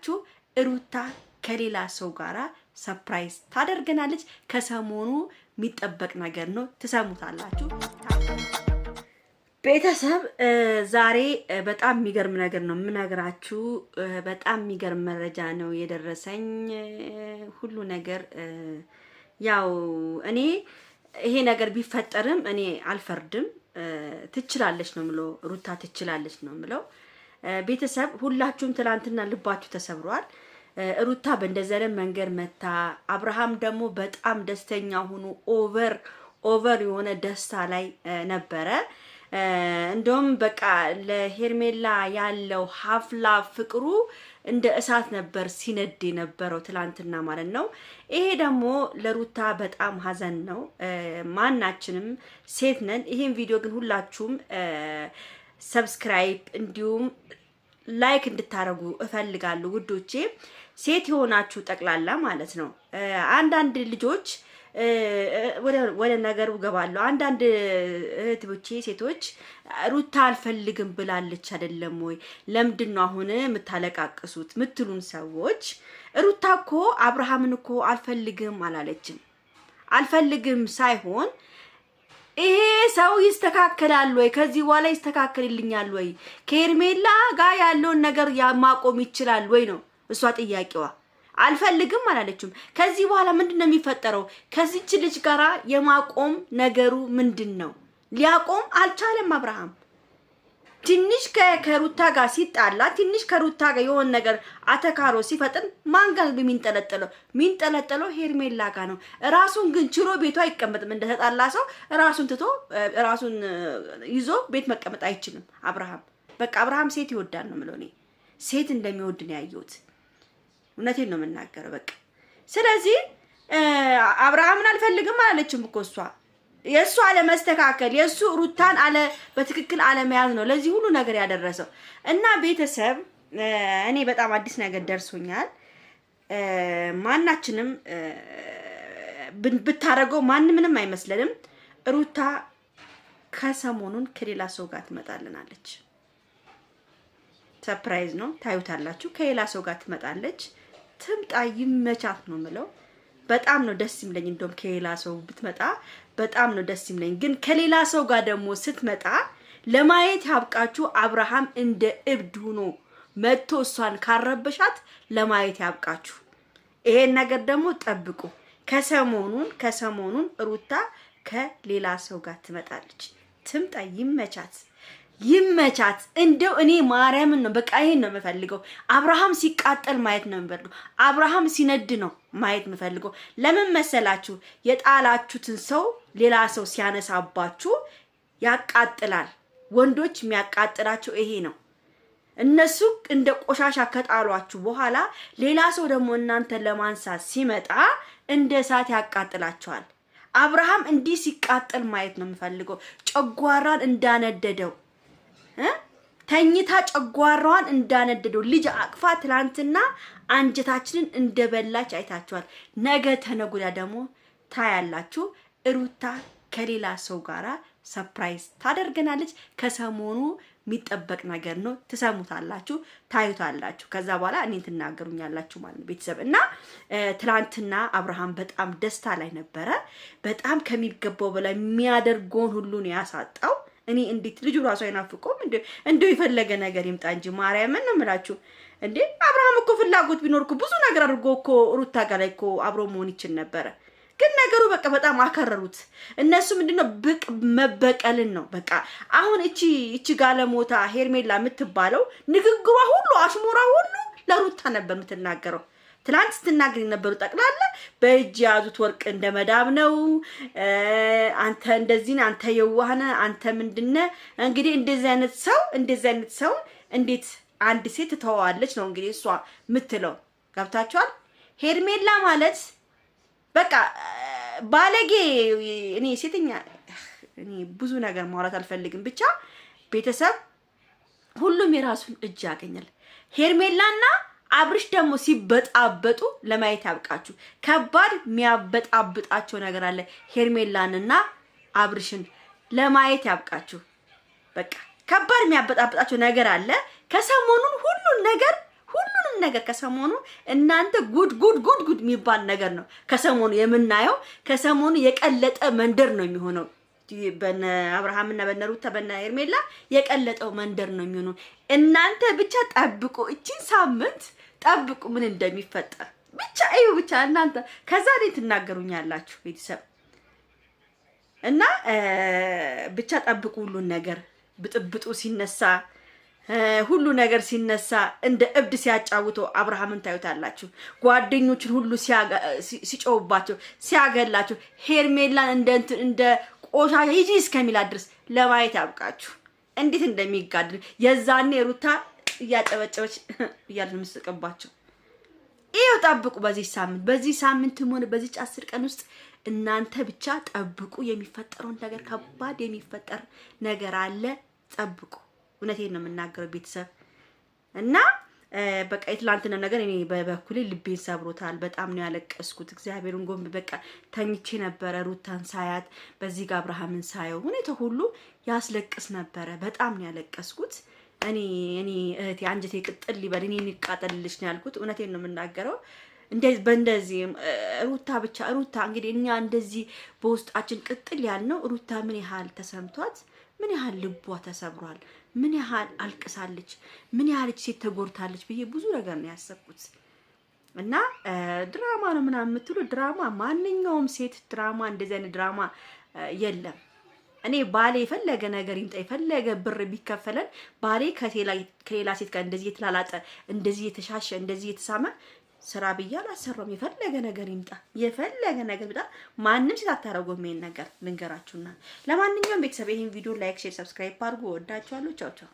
ብላችሁ ሩታ ከሌላ ሰው ጋራ ሰፕራይዝ ታደርገናለች። ከሰሞኑ የሚጠበቅ ነገር ነው፣ ትሰሙታላችሁ። ቤተሰብ ዛሬ በጣም የሚገርም ነገር ነው የምነግራችሁ። በጣም የሚገርም መረጃ ነው የደረሰኝ። ሁሉ ነገር ያው እኔ ይሄ ነገር ቢፈጠርም እኔ አልፈርድም። ትችላለች ነው ምለው ሩታ ትችላለች ነው ምለው ቤተሰብ ሁላችሁም ትላንትና ልባችሁ ተሰብሯል። ሩታ በእንደዘለም መንገድ መታ፣ አብርሃም ደግሞ በጣም ደስተኛ ሆኖ ኦቨር ኦቨር የሆነ ደስታ ላይ ነበረ። እንደውም በቃ ለሄርሜላ ያለው ሀፍላ ፍቅሩ እንደ እሳት ነበር ሲነድ የነበረው ትላንትና ማለት ነው። ይሄ ደግሞ ለሩታ በጣም ሀዘን ነው። ማናችንም ሴት ነን። ይሄን ቪዲዮ ግን ሁላችሁም ሰብስክራይብ እንዲሁም ላይክ እንድታደርጉ እፈልጋለሁ ውዶቼ፣ ሴት የሆናችሁ ጠቅላላ ማለት ነው። አንዳንድ ልጆች ወደ ነገሩ ገባለሁ። አንዳንድ እህትቦቼ ሴቶች ሩታ አልፈልግም ብላለች አይደለም ወይ ለምንድን ነው አሁን የምታለቃቅሱት ምትሉን ሰዎች፣ ሩታ እኮ አብርሃምን እኮ አልፈልግም አላለችም። አልፈልግም ሳይሆን ይሄ ሰው ይስተካከላል ወይ? ከዚህ በኋላ ይስተካከልልኛል ወይ? ከኤርሜላ ጋር ያለውን ነገር ማቆም ይችላል ወይ ነው እሷ ጥያቄዋ። አልፈልግም አላለችም። ከዚህ በኋላ ምንድን ነው የሚፈጠረው? ከዚች ልጅ ጋራ የማቆም ነገሩ ምንድን ነው? ሊያቆም አልቻለም አብርሃም። ትንሽ ከሩታ ጋር ሲጣላ ትንሽ ከሩታ ጋር የሆን ነገር አተካሮ ሲፈጥን ማን ጋር የሚንጠለጠለው የሚንጠለጠለው ሄርሜላ ጋር ነው። ራሱን ግን ችሎ ቤቱ አይቀመጥም። እንደተጣላ ሰው ራሱን ትቶ ራሱን ይዞ ቤት መቀመጥ አይችልም። አብርሃም በቃ አብርሃም ሴት ይወዳል ነው የምለው እኔ ሴት እንደሚወድ ነው ያየሁት። እውነቴን ነው የምናገረው። በቃ ስለዚህ አብርሃምን አልፈልግም አላለችም እኮ እሷ የእሱ አለመስተካከል የእሱ ሩታን አለ በትክክል አለመያዝ ነው ለዚህ ሁሉ ነገር ያደረሰው። እና ቤተሰብ እኔ በጣም አዲስ ነገር ደርሶኛል። ማናችንም ብታደርገው ማንምንም አይመስለንም። ሩታ ከሰሞኑን ከሌላ ሰው ጋር ትመጣልናለች። ሰርፕራይዝ ነው ታዩታላችሁ። ከሌላ ሰው ጋር ትመጣለች። ትምጣ ይመቻት ነው ምለው በጣም ነው ደስ ይምለኝ። እንደውም ከሌላ ሰው ብትመጣ በጣም ነው ደስ ይምለኝ። ግን ከሌላ ሰው ጋር ደግሞ ስትመጣ ለማየት ያብቃችሁ። አብርሃም እንደ እብድ ሆኖ መጥቶ እሷን ካረበሻት ለማየት ያብቃችሁ። ይሄን ነገር ደግሞ ጠብቁ። ከሰሞኑን ከሰሞኑን ሩታ ከሌላ ሰው ጋር ትመጣለች። ትምጣ፣ ይመቻት። ይመቻት። እንደው እኔ ማርያምን ነው በቃ ይሄን ነው የምፈልገው። አብርሃም ሲቃጠል ማየት ነው የምፈልገው። አብርሃም ሲነድ ነው ማየት የምፈልገው። ለምን መሰላችሁ? የጣላችሁትን ሰው ሌላ ሰው ሲያነሳባችሁ ያቃጥላል። ወንዶች የሚያቃጥላቸው ይሄ ነው። እነሱ እንደ ቆሻሻ ከጣሏችሁ በኋላ ሌላ ሰው ደግሞ እናንተን ለማንሳት ሲመጣ እንደ እሳት ያቃጥላቸዋል። አብርሃም እንዲህ ሲቃጠል ማየት ነው የምፈልገው። ጨጓራን እንዳነደደው ተኝታ ጨጓራዋን እንዳነደደው ልጅ አቅፋ ትላንትና አንጀታችንን እንደበላች አይታችኋል። ነገ ተነጉዳ ደግሞ ታያላችሁ። እሩታ ከሌላ ሰው ጋራ ሰፕራይዝ ታደርገናለች። ከሰሞኑ የሚጠበቅ ነገር ነው። ትሰሙታላችሁ፣ ታዩታላችሁ። ከዛ በኋላ እኔን ትናገሩኛላችሁ ማለት ነው ቤተሰብ እና ትላንትና አብርሃም በጣም ደስታ ላይ ነበረ። በጣም ከሚገባው በላይ የሚያደርገውን ሁሉን ያሳጣው። እኔ እንዴት ልጁ ራሱ አይናፍቀውም? እንደው የፈለገ ነገር ይምጣ እንጂ ማርያምን ነው የምላችሁ። እንዴ አብርሃም እኮ ፍላጎት ቢኖር እኮ ብዙ ነገር አድርጎ እኮ ሩታ ጋር ላይ እኮ አብሮ መሆን ይችል ነበረ። ግን ነገሩ በቃ በጣም አከረሩት። እነሱ ምንድነው ብቅ መበቀልን ነው በቃ። አሁን እቺ እቺ ጋለሞታ ሄርሜላ የምትባለው ንግግሯ ሁሉ አሽሙራ ሁሉ ለሩታ ነበር የምትናገረው። ትላንት ስትናገር የነበሩ ጠቅላላ በእጅ የያዙት ወርቅ እንደ መዳብ ነው። አንተ እንደዚህ አንተ የዋህነ አንተ ምንድነ እንግዲህ እንደዚህ አይነት ሰው እንደዚህ አይነት ሰው እንዴት አንድ ሴት ትተዋዋለች ነው እንግዲህ እሷ ምትለው። ገብታችኋል? ሄርሜላ ማለት በቃ ባለጌ። እኔ ሴተኛ እኔ ብዙ ነገር ማውራት አልፈልግም። ብቻ ቤተሰብ ሁሉም የራሱን እጅ ያገኛል። ሄርሜላና አብርሽ ደግሞ ሲበጣበጡ ለማየት ያብቃችሁ። ከባድ የሚያበጣብጣቸው ነገር አለ። ሄርሜላንና አብርሽን ለማየት ያብቃችሁ። በቃ ከባድ የሚያበጣብጣቸው ነገር አለ። ከሰሞኑን ሁሉን ነገር ሁሉንም ነገር ከሰሞኑ እናንተ ጉድ ጉድ ጉድ ጉድ የሚባል ነገር ነው ከሰሞኑ የምናየው። ከሰሞኑ የቀለጠ መንደር ነው የሚሆነው። በነ አብርሃምና በነ ሩታ በነ ኤርሜላ የቀለጠው መንደር ነው የሚሆነው። እናንተ ብቻ ጠብቁ፣ እቺን ሳምንት ጠብቁ ምን እንደሚፈጠር ብቻ እዩ። ብቻ እናንተ ከዛ እኔ ትናገሩኛላችሁ ቤተሰብ እና ብቻ ጠብቁ ሁሉን ነገር ብጥብጡ ሲነሳ ሁሉ ነገር ሲነሳ እንደ እብድ ሲያጫውተው አብርሃምን ታዩታላችሁ። ጓደኞችን ሁሉ ሲጮውባቸው ሲያገላቸው ሄርሜላን እንደ ቆሻሻ ሂጂ እስከሚላ ድረስ ለማየት ያብቃችሁ። እንዴት እንደሚጋድል የዛኔ ሩታ እያጨበጨበች እያለች የምትስቅባቸው ይኸው ጠብቁ። በዚህ ሳምንት በዚህ ሳምንት ሆነ በዚህ አስር ቀን ውስጥ እናንተ ብቻ ጠብቁ። የሚፈጠረውን ነገር ከባድ የሚፈጠር ነገር አለ። ጠብቁ። እውነቴን ነው የምናገረው ቤተሰብ እና በቃ የትላንትና ነገር እኔ በበኩሌ ልቤን ሰብሮታል። በጣም ነው ያለቀስኩት። እግዚአብሔርን ጎንብ በቃ ተኝቼ ነበረ ሩታን ሳያት፣ በዚህ ጋር አብርሃምን ሳየው ሁኔታ ሁሉ ያስለቅስ ነበረ። በጣም ነው ያለቀስኩት። እኔ እኔ እህቴ አንጀቴ ቅጥል ሊበል እኔ እንቃጠልልሽ ነው ያልኩት። እውነቴን ነው የምናገረው። በእንደዚህ ሩታ ብቻ ሩታ እንግዲህ እኛ እንደዚህ በውስጣችን ቅጥል ያልነው ሩታ ምን ያህል ተሰምቷት ምን ያህል ልቧ ተሰብሯል። ምን ያህል አልቅሳለች፣ ምን ያህል ሴት ተጎድታለች ብዬ ብዙ ነገር ነው ያሰብኩት። እና ድራማ ነው ምናምን የምትሉ ድራማ፣ ማንኛውም ሴት ድራማ፣ እንደዚህ አይነት ድራማ የለም። እኔ ባሌ የፈለገ ነገር ይምጣ የፈለገ ብር ቢከፈለን ባሌ ከሌላ ሴት ጋር እንደዚህ የተላላጠ እንደዚህ የተሻሸ እንደዚህ የተሳመ ስራ ብዬ አላሰራውም። የፈለገ ነገር ይምጣ፣ የፈለገ ነገር ይምጣ። ማንም ሴት አታረጉም ይሄን ነገር ልንገራችሁና። ለማንኛውም ቤተሰብ ይሄን ቪዲዮ ላይክ፣ ሼር፣ ሰብስክራይብ አድርጉ። ወዳችኋለሁ። ቻው ቻው